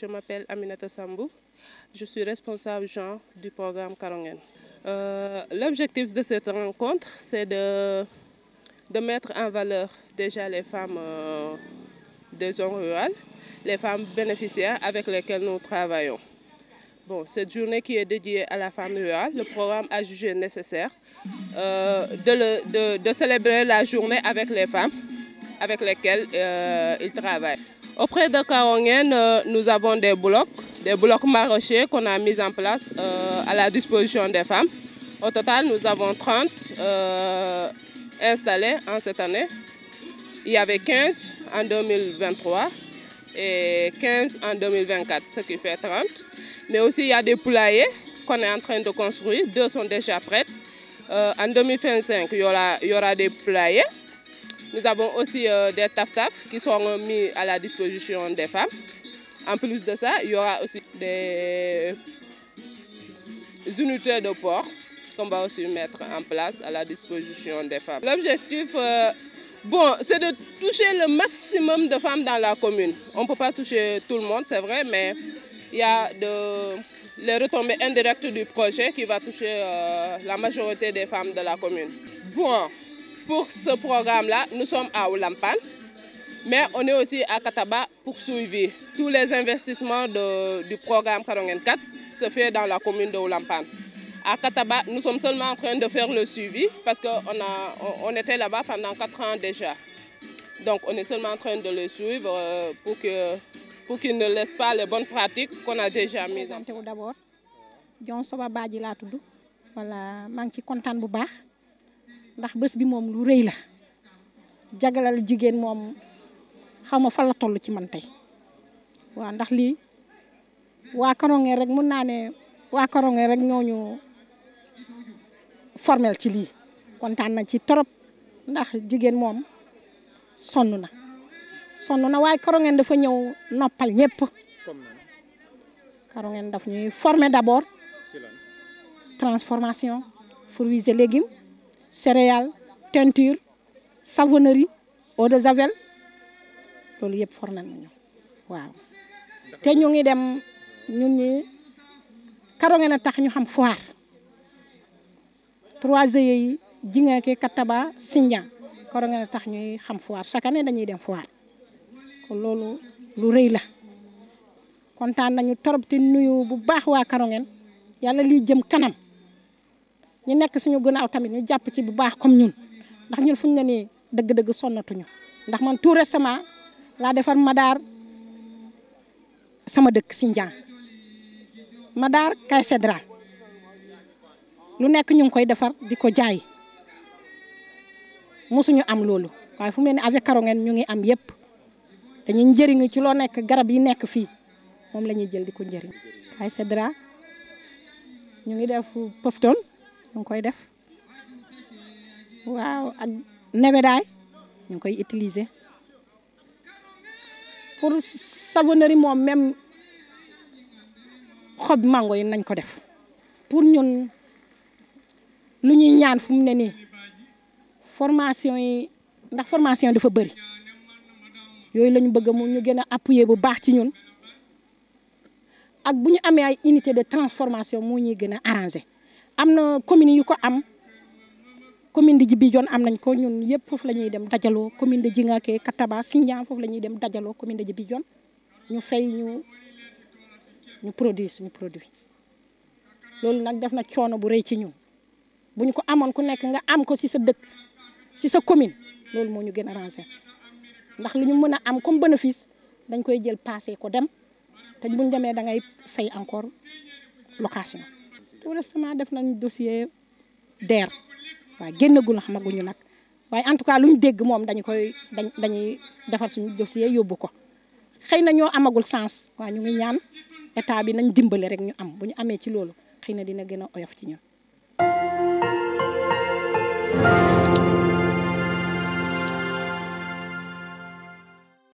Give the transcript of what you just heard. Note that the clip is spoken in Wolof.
je m'appelle Aminata Sambou. Je suis responsable genre du programme Karongen. Euh, l'objectif de cette rencontre, c'est de, de, mettre en valeur déjà les femmes euh, des zones rurales, les femmes bénéficiaires avec lesquelles nous travaillons. Bon, cette journée qui est dédiée à la femme rurale, le programme a jugé nécessaire euh, de, de, célébrer la journée avec les femmes avec lesquelles il travaille. Auprès de Carongen, euh, nous avons des blocs, des blocs maraîchers qu'on a mis en place euh, à la disposition des femmes. Au total, nous avons 30 euh, installés en cette année. Il y avait 15 en 2023 et 15 en 2024, ce qui fait 30. Mais aussi, il y a des poulaillers qu'on est en train de construire. Deux sont déjà prêtes. en 2025, il y aura, il y aura des poulaillers. Nous avons aussi euh, des taf-taf qui sont mis à la disposition des femmes. En plus de ça, il y aura aussi des unités de port qu'on va aussi mettre en place à la disposition des femmes. L'objectif, euh, bon, c'est de toucher le maximum de femmes dans la commune. On ne peut pas toucher tout le monde, c'est vrai, mais il y a les retombées indirectes du projet qui va toucher euh, la majorité des femmes de la commune. Bon, pour ce programme-là, nous sommes à Oulampan, mais on est aussi à Kataba pour suivre. Tous les investissements du programme 44 4 se fait dans la commune de Oulampan. À Kataba, nous sommes seulement en train de faire le suivi parce qu'on on, on était là-bas pendant 4 ans déjà. Donc on est seulement en train de le suivre euh, pour que pour qu'il ne laisse pas les bonnes pratiques qu'on a déjà mises en place. Voilà, je suis content de ndax bëss bi mom lu reey la jagalal jigen mom xawma fa la tollu ci man tay wa ndax li wa karongé rek mun naa ne waa rek ñoñu formel ci li kontaan na ci torop ndax jigen mom sonn na sonn na dafa ñew noppal ñepp karongé daf ñuy formé d'abord transformation fruits et légumes Sereal, teinture savonnerie eau de javel lolou yëpp for ñu waaw té ñu ngi dem ñun ñi karo nga na tax ñu xam foire trois heures yi ke kataba sinja karo nga na tax ñuy xam foire chaque année dañuy dem foire ko lolou lu reuy la kontaan nañu torop te nuyu bu baax wa karo ngeen yalla li jëm kanam ñi nek suñu gënaaw tamit ñu japp ci bu baax comme ñun ndax ñun fuñu ne deug deug dëgg ñu ndax man tout récemment la défar madar sama dëkk sinjan Madar kay sedra lu nek ñu ngi koy défar diko jaay am lolu way fu melni avec karo ñu ngi am yépp dañuy njëriñu ci lo nek garab yi nek fi mom lañuy jël diko kay ñu ngi def pofton ñu koy def waaw ak nebedaay ñu ngi koy utiliser pour savonnerie moom même xob mango yi nañ ko def pour ñun lu ñuy ñaan fu mu ne nii formation yi ndax formation dafa bëri yooyu la ñu bëgg mu ñu gën a appuyer bu baax ci ñun ak bu ñu amee ay unité de transformation moo ñuy gën a arranger am commune yu ko am commune de Djibidione am nañ ko ñun yépp fofu la dem dajalo, commune de Djingaké Kataba Sindian fofu la dem dajalo commune de Djibidione ñu fay ñu ñu produit ñu produit lolou nak def na choono bu reey ci ñun buñ ko amone ku nekk nga am ko si sa dekk ci sa commune lolou mo ñu gën a ndax luñu mëna am comme bénéfice dañ koy jël passé ko dem te buñ démé da ngay fay encore location tout récemment def nañ dossier DER waaw génnagul xamaguñu nag waaye en tout cas lu ñu dégg moom dañu koy dañ dañuy defar suñu dossier yóbbu ko xëy na ñoo amagul sens waaw ñu ngi ñaan état bi nañ dimbale rek ñu am bu ñu amee ci loolu xëy na dina gën a oyof ci ñun.